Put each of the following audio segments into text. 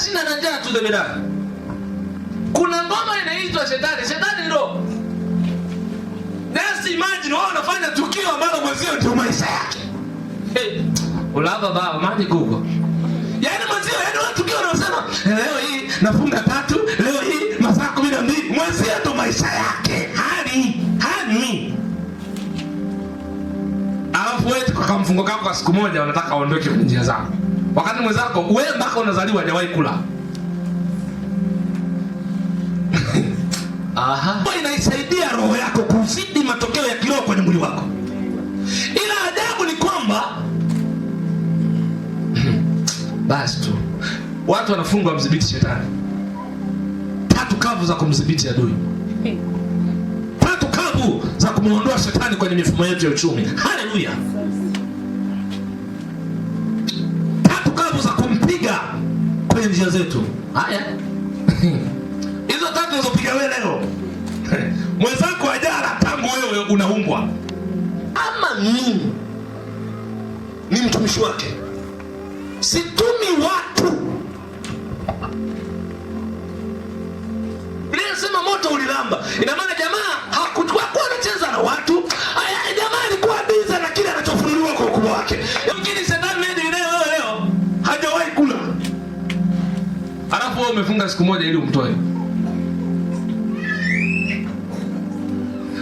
sina na njaa tuze bidada. Kuna ngoma inaitwa shetani, shetani ndo just imagine wao wanafanya tukio ambalo mwenzio ndio maisha yake. Hey, ulava baba maji gugo. Yaani mwenzio yaani wao tukio wanasema eh, leo hii nafunga tatu, leo hii masaa 12, mwenzio ndio maisha yake. Hali hani. Alafu wewe tukakamfungo kako kwa siku moja wanataka aondoke kwenye njia zao. Wakati mwenzako we mpaka unazaliwa hajawahi kula. Aha. Kwa inaisaidia roho yako kuzidi matokeo ya kiroho kwenye mwili wako. Ila ajabu ni kwamba basi tu watu wanafungwa mdhibiti shetani. Tatu kavu za kumdhibiti adui. Tatu kavu za kumwondoa shetani kwenye mifumo yetu ya uchumi. Haleluya. tuambie njia zetu. Haya, hizo tatu ulizopiga wewe leo mwenzako ajara tangu wewe unaumbwa, ama mimi ni mtumishi wake, situmi watu. sema moto ulilamba, ina maana jamaa hakuwa anacheza na hapo umefunga siku moja ili umtoe.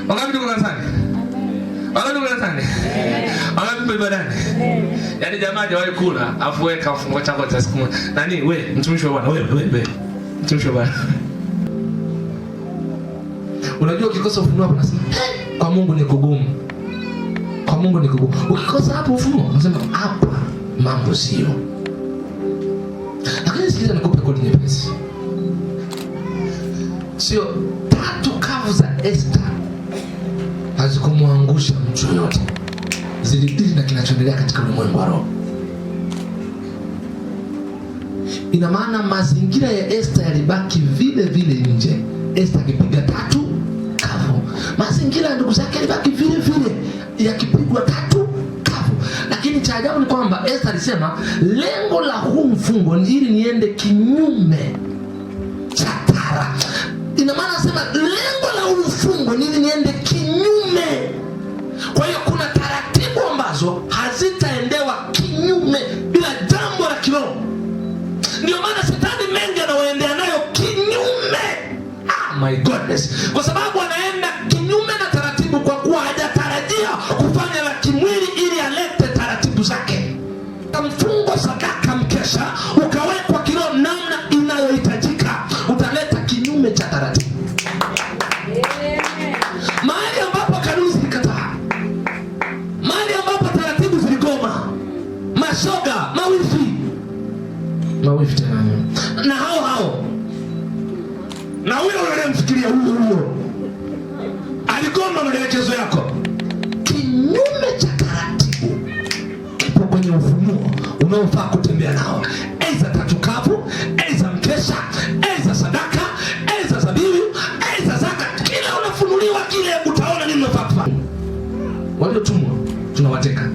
Wangapi tuko kanisani? Wangapi tuko kanisani? Wangapi tuko ibadani? Yaani jamaa hajawahi kula, afu wewe kafunga chako cha siku moja. Nani wewe mtumishi wa Bwana wewe wewe wewe. Mtumishi wa Bwana. Unajua ukikosa ufunuo hapo nasema kwa Mungu ni kugumu. Kwa Mungu ni kugumu. Ukikosa hapo ufunuo unasema hapa mambo sio koti nyepesi, sio tatu kavu za Esta hazikumwangusha mtu yoyote, zilidili na kinachoendelea katika ulimwengu wa roho. Ina maana mazingira ya Esta yalibaki vile vile nje, Esta akipiga tatu kavu, mazingira ya ndugu zake yalibaki vile vile ya Esther alisema lengo la huu mfungo ni ili niende kinyume cha tara. Ina maana sema lengo la huu mfungo ni ili niende kinyume. Kwa hiyo kuna taratibu ambazo hazitaendewa kinyume bila jambo la kiroho. Ndio maana shetani mengi anawaendea nayo kinyume. Ah, my goodness, kwa sababu kinyume cha taratibu yeah. Mahali ambapo kanuni zilikataa, mahali ambapo taratibu ziligoma, mashoga mawifi mawifi tena na hao hao na huyo unayemfikiria huyo huyo aligoma maelekezo yako kinyume cha taratibu, kipo kwenye ufunuo unaofaa kutembea nao, aidha tatukavu, aidha mkesha waliotumwa tunawateka.